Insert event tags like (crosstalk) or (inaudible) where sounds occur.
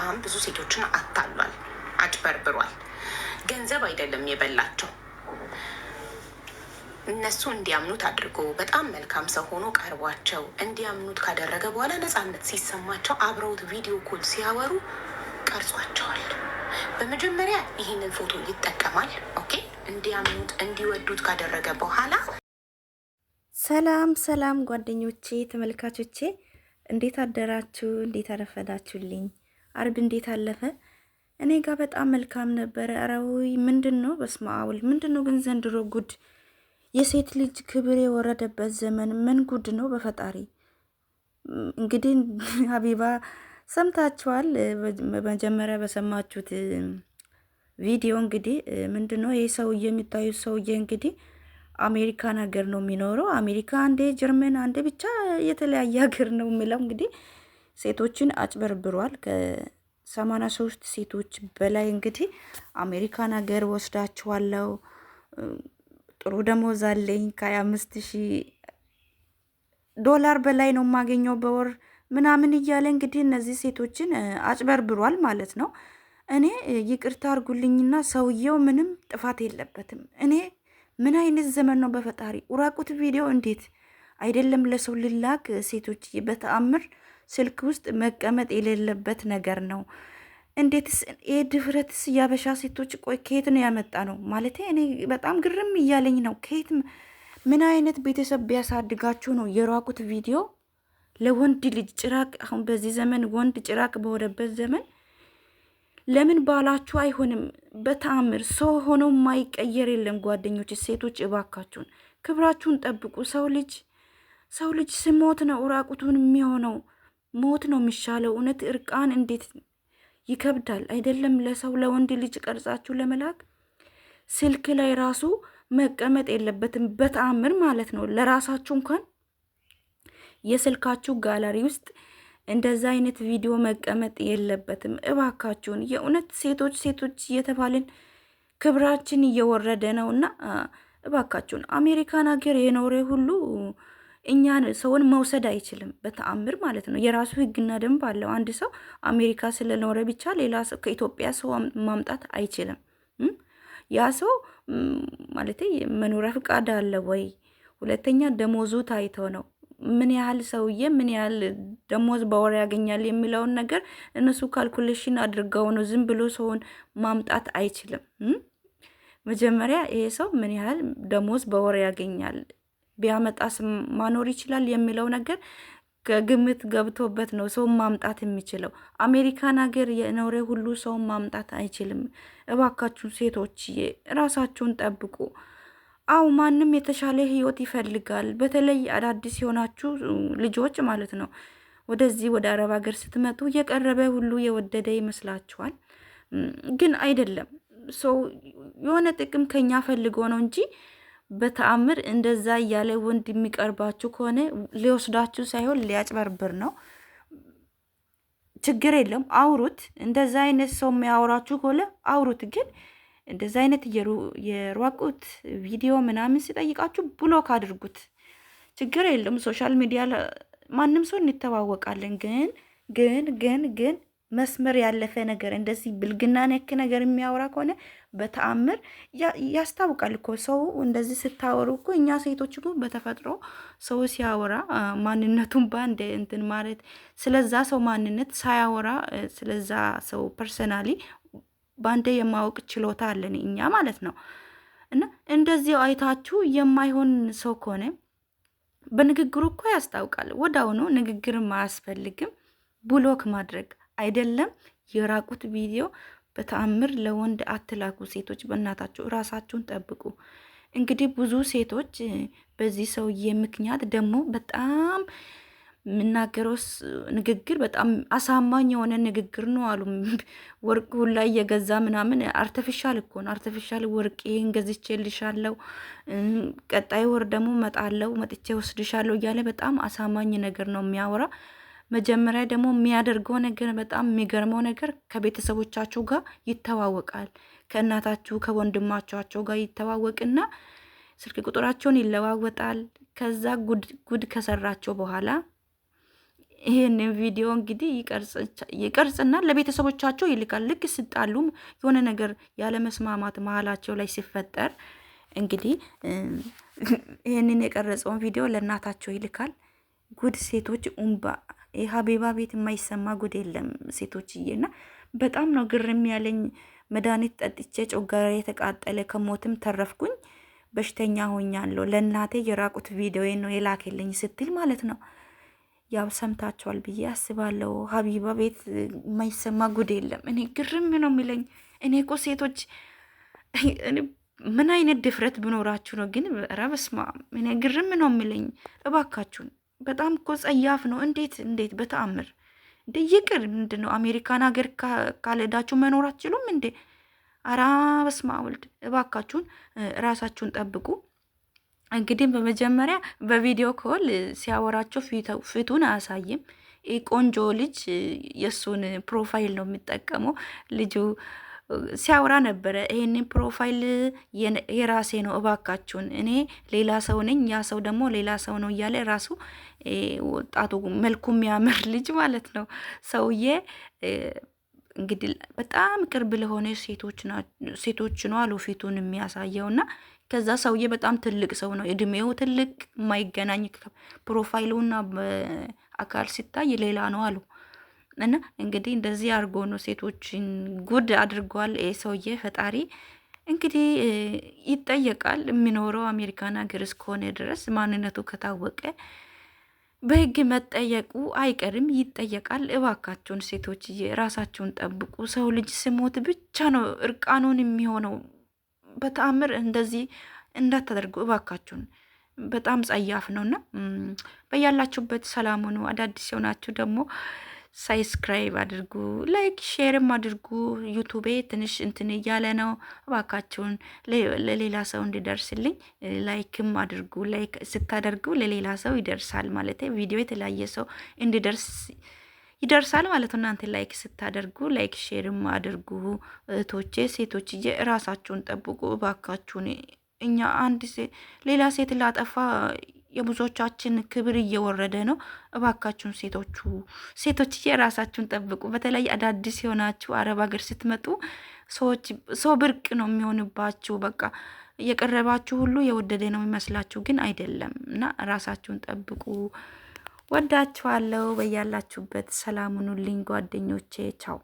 በጣም ብዙ ሴቶችን አታሏል፣ አጭበርብሯል። ገንዘብ አይደለም የበላቸው እነሱ እንዲያምኑት አድርጎ በጣም መልካም ሰው ሆኖ ቀርቧቸው እንዲያምኑት ካደረገ በኋላ ነፃነት ሲሰማቸው አብረውት ቪዲዮ ኮል ሲያወሩ ቀርጿቸዋል። በመጀመሪያ ይህንን ፎቶ ይጠቀማል። ኦኬ፣ እንዲያምኑት እንዲወዱት ካደረገ በኋላ ሰላም ሰላም ጓደኞቼ፣ ተመልካቾቼ እንዴት አደራችሁ? እንዴት አረፈዳችሁልኝ? አርብ እንዴት አለፈ? እኔ ጋር በጣም መልካም ነበረ። ኧረ ውይ ምንድን ነው በስመ አብ ወልድ ምንድን ነው ግን ዘንድሮ ጉድ! የሴት ልጅ ክብር የወረደበት ዘመን ምን ጉድ ነው በፈጣሪ። እንግዲህ ሀቢባ ሰምታችኋል። መጀመሪያ በሰማችሁት ቪዲዮ እንግዲህ ምንድን ነው ይህ ሰውዬ የሚታዩት ሰውዬ እንግዲህ አሜሪካን ሀገር ነው የሚኖረው። አሜሪካ አንዴ ጀርመን አንዴ ብቻ የተለያየ ሀገር ነው የሚለው እንግዲህ ሴቶችን አጭበርብሯል። ከ ሶስት ሴቶች በላይ እንግዲህ አሜሪካን ሀገር ወስዳችኋለው፣ ጥሩ ደሞዝ አለኝ ከ ከ25 ሺህ ዶላር በላይ ነው የማገኘው በወር ምናምን እያለ እንግዲህ እነዚህ ሴቶችን አጭበርብሯል ማለት ነው። እኔ ይቅርታ አድርጉልኝና ሰውየው ምንም ጥፋት የለበትም። እኔ ምን አይነት ዘመን ነው በፈጣሪ! ውራቁት ቪዲዮ እንዴት አይደለም ለሰው ልላክ። ሴቶች በተአምር ስልክ ውስጥ መቀመጥ የሌለበት ነገር ነው። እንዴትስ ይህ ድፍረትስ ያበሻ ሴቶች ቆይ ከየት ነው ያመጣ ነው ማለት እኔ በጣም ግርም እያለኝ ነው። ከየት ምን አይነት ቤተሰብ ቢያሳድጋችሁ ነው የራቁት ቪዲዮ ለወንድ ልጅ ጭራቅ? አሁን በዚህ ዘመን ወንድ ጭራቅ በሆነበት ዘመን ለምን ባላችሁ አይሆንም? በተአምር ሰው ሆኖ ማይቀየር የለም። ጓደኞች ሴቶች እባካችሁን ክብራችሁን ጠብቁ። ሰው ልጅ ሰው ልጅ ስሞት ነው ራቁቱን የሚሆነው። ሞት ነው የሚሻለው። እውነት እርቃን እንዴት ይከብዳል አይደለም? ለሰው ለወንድ ልጅ ቀርጻችሁ ለመላክ ስልክ ላይ ራሱ መቀመጥ የለበትም በተአምር ማለት ነው። ለራሳችሁ እንኳን የስልካችሁ ጋላሪ ውስጥ እንደዛ አይነት ቪዲዮ መቀመጥ የለበትም እባካችሁን። የእውነት ሴቶች ሴቶች እየተባልን ክብራችን እየወረደ ነው እና እባካችሁን አሜሪካን ሀገር የኖረ ሁሉ እኛን ሰውን መውሰድ አይችልም በተአምር ማለት ነው። የራሱ ህግና ደንብ አለው። አንድ ሰው አሜሪካ ስለኖረ ብቻ ሌላ ሰው ከኢትዮጵያ ሰው ማምጣት አይችልም። ያ ሰው ማለት መኖሪያ ፍቃድ አለ ወይ? ሁለተኛ ደሞዙ ታይቶ ነው። ምን ያህል ሰውዬ ምን ያህል ደሞዝ በወር ያገኛል የሚለውን ነገር እነሱ ካልኩሌሽን አድርገው ነው። ዝም ብሎ ሰውን ማምጣት አይችልም። መጀመሪያ ይሄ ሰው ምን ያህል ደሞዝ በወር ያገኛል ቢያመጣስ ማኖር ይችላል የሚለው ነገር ከግምት ገብቶበት ነው ሰውን ማምጣት የሚችለው። አሜሪካን ሀገር የኖረ ሁሉ ሰውን ማምጣት አይችልም። እባካችሁ ሴቶችዬ ራሳችሁን ጠብቁ። አው ማንም የተሻለ ህይወት ይፈልጋል። በተለይ አዳዲስ የሆናችሁ ልጆች ማለት ነው። ወደዚህ ወደ አረብ ሀገር ስትመጡ የቀረበ ሁሉ የወደደ ይመስላችኋል፣ ግን አይደለም። ሰው የሆነ ጥቅም ከኛ ፈልጎ ነው እንጂ በተአምር እንደዛ እያለ ወንድ የሚቀርባችሁ ከሆነ ሊወስዳችሁ ሳይሆን ሊያጭበርብር ነው። ችግር የለም አውሩት። እንደዛ አይነት ሰው የሚያወራችሁ ከሆነ አውሩት። ግን እንደዛ አይነት የሯቁት ቪዲዮ ምናምን ሲጠይቃችሁ ብሎክ አድርጉት። ችግር የለም ሶሻል ሚዲያ ማንም ሰው እንተዋወቃለን። ግን ግን ግን ግን መስመር ያለፈ ነገር እንደዚህ ብልግና ነክ ነገር የሚያወራ ከሆነ በተአምር ያስታውቃል እኮ ሰው። እንደዚህ ስታወሩ እኮ እኛ ሴቶች እኮ በተፈጥሮ ሰው ሲያወራ ማንነቱን በአንድ እንትን ማለት ስለዛ ሰው ማንነት ሳያወራ ስለዛ ሰው ፐርሰናሊ በአንድ የማወቅ ችሎታ አለን እኛ ማለት ነው። እና እንደዚህ አይታችሁ የማይሆን ሰው ከሆነ በንግግሩ እኮ ያስታውቃል። ወዳውኑ ንግግርም አያስፈልግም ብሎክ ማድረግ አይደለም የራቁት ቪዲዮ በተአምር ለወንድ አትላኩ። ሴቶች በእናታችሁ እራሳችሁን ጠብቁ። እንግዲህ ብዙ ሴቶች በዚህ ሰውዬ ምክንያት ደግሞ በጣም የምናገረው ንግግር በጣም አሳማኝ የሆነ ንግግር ነው አሉ። ወርቅ ሁላ እየገዛ ምናምን አርተፊሻል እኮ ነው፣ አርተፊሻል ወርቅ። ይህን ልሻለው፣ ቀጣይ ወር ደግሞ መጣለው፣ መጥቼ ወስድሻለሁ እያለ በጣም አሳማኝ ነገር ነው የሚያወራ መጀመሪያ ደግሞ የሚያደርገው ነገር በጣም የሚገርመው ነገር ከቤተሰቦቻቸው ጋር ይተዋወቃል። ከእናታችሁ ከወንድማቻቸው ጋር ይተዋወቅና ስልክ ቁጥራቸውን ይለዋወጣል። ከዛ ጉድ ከሰራቸው በኋላ ይህንን ቪዲዮ እንግዲህ ይቀርጽና ለቤተሰቦቻቸው ይልካል። ልክ ስጣሉ የሆነ ነገር ያለመስማማት መሀላቸው ላይ ሲፈጠር እንግዲህ ይህንን የቀረጸውን ቪዲዮ ለእናታቸው ይልካል። ጉድ ሴቶች ኡምባ የሀቢባ ቤት የማይሰማ ጉድ የለም ሴቶችዬና፣ በጣም ነው ግርም ያለኝ። መድኃኒት ጠጥቼ ጮጋራ የተቃጠለ ከሞትም ተረፍኩኝ፣ በሽተኛ ሆኛለሁ። ለእናቴ የራቁት ቪዲዮ ነው የላክልኝ ስትል ማለት ነው። ያው ሰምታችኋል ብዬ አስባለሁ። ሀቢባ ቤት የማይሰማ ጉድ የለም። እኔ ግርም ነው የሚለኝ። እኔ እኮ ሴቶች ምን አይነት ድፍረት ብኖራችሁ ነው ግን? ኧረ በስመ አብ እኔ ግርም ነው የሚለኝ። እባካችሁን በጣም እኮ ጸያፍ ነው። እንዴት እንዴት በተአምር እንደ ይቅር ምንድን ነው አሜሪካን ሀገር ካልሄዳችሁ መኖር አትችሉም እንዴ? አራ በስመ አብ ወልድ፣ እባካችሁን ራሳችሁን ጠብቁ። እንግዲህ በመጀመሪያ በቪዲዮ ኮል ሲያወራቸው ፊቱን አያሳይም። ቆንጆ ልጅ የእሱን ፕሮፋይል ነው የሚጠቀመው ልጁ ሲያወራ ነበረ። ይሄንን ፕሮፋይል የራሴ ነው እባካችሁን፣ እኔ ሌላ ሰው ነኝ፣ ያ ሰው ደግሞ ሌላ ሰው ነው እያለ ራሱ ወጣቱ መልኩ የሚያምር (laughs) ልጅ ማለት ነው ሰውዬ እንግዲህ በጣም ቅርብ ለሆነ ሴቶች ነው አሉ ፊቱን የሚያሳየው እና ከዛ ሰውዬ በጣም ትልቅ ሰው ነው፣ እድሜው ትልቅ የማይገናኝ ፕሮፋይሉና አካል ሲታይ ሌላ ነው አሉ። እና እንግዲህ እንደዚህ አድርጎ ነው ሴቶችን ጉድ አድርጓል ሰውዬ ፈጣሪ። እንግዲህ ይጠየቃል። የሚኖረው አሜሪካን ሀገር እስከሆነ ድረስ ማንነቱ ከታወቀ በህግ መጠየቁ አይቀርም፣ ይጠየቃል። እባካችሁን ሴቶች ራሳችሁን ጠብቁ። ሰው ልጅ ስሞት ብቻ ነው እርቃኑን የሚሆነው። በተአምር እንደዚህ እንዳታደርጉ እባካችሁን። በጣም ጸያፍ ነውና በያላችሁበት ሰላም ሁኑ። አዳዲስ የሆናችሁ ደግሞ ሳብስክራይብ አድርጉ፣ ላይክ ሼርም አድርጉ። ዩቱቤ ትንሽ እንትን እያለ ነው። እባካችሁን ለሌላ ሰው እንዲደርስልኝ ላይክም አድርጉ። ላይክ ስታደርጉ ለሌላ ሰው ይደርሳል ማለት ቪዲዮ የተለያየ ሰው እንዲደርስ ይደርሳል ማለት ነው። እናንተ ላይክ ስታደርጉ ላይክ ሼርም አድርጉ። እህቶቼ ሴቶችዬ እራሳችሁን ጠብቁ እባካችሁን። እኛ አንድ ሌላ ሴት ላጠፋ የብዙዎቻችን ክብር እየወረደ ነው። እባካችሁን ሴቶቹ ሴቶች የራሳችሁን ጠብቁ። በተለይ አዳዲስ የሆናችሁ አረብ ሀገር ስትመጡ ሰዎች ሰው ብርቅ ነው የሚሆንባችሁ። በቃ እየቀረባችሁ ሁሉ የወደደ ነው የሚመስላችሁ፣ ግን አይደለም እና ራሳችሁን ጠብቁ። ወዳችኋለሁ። በያላችሁበት ሰላም ሁኑልኝ ጓደኞቼ። ቻው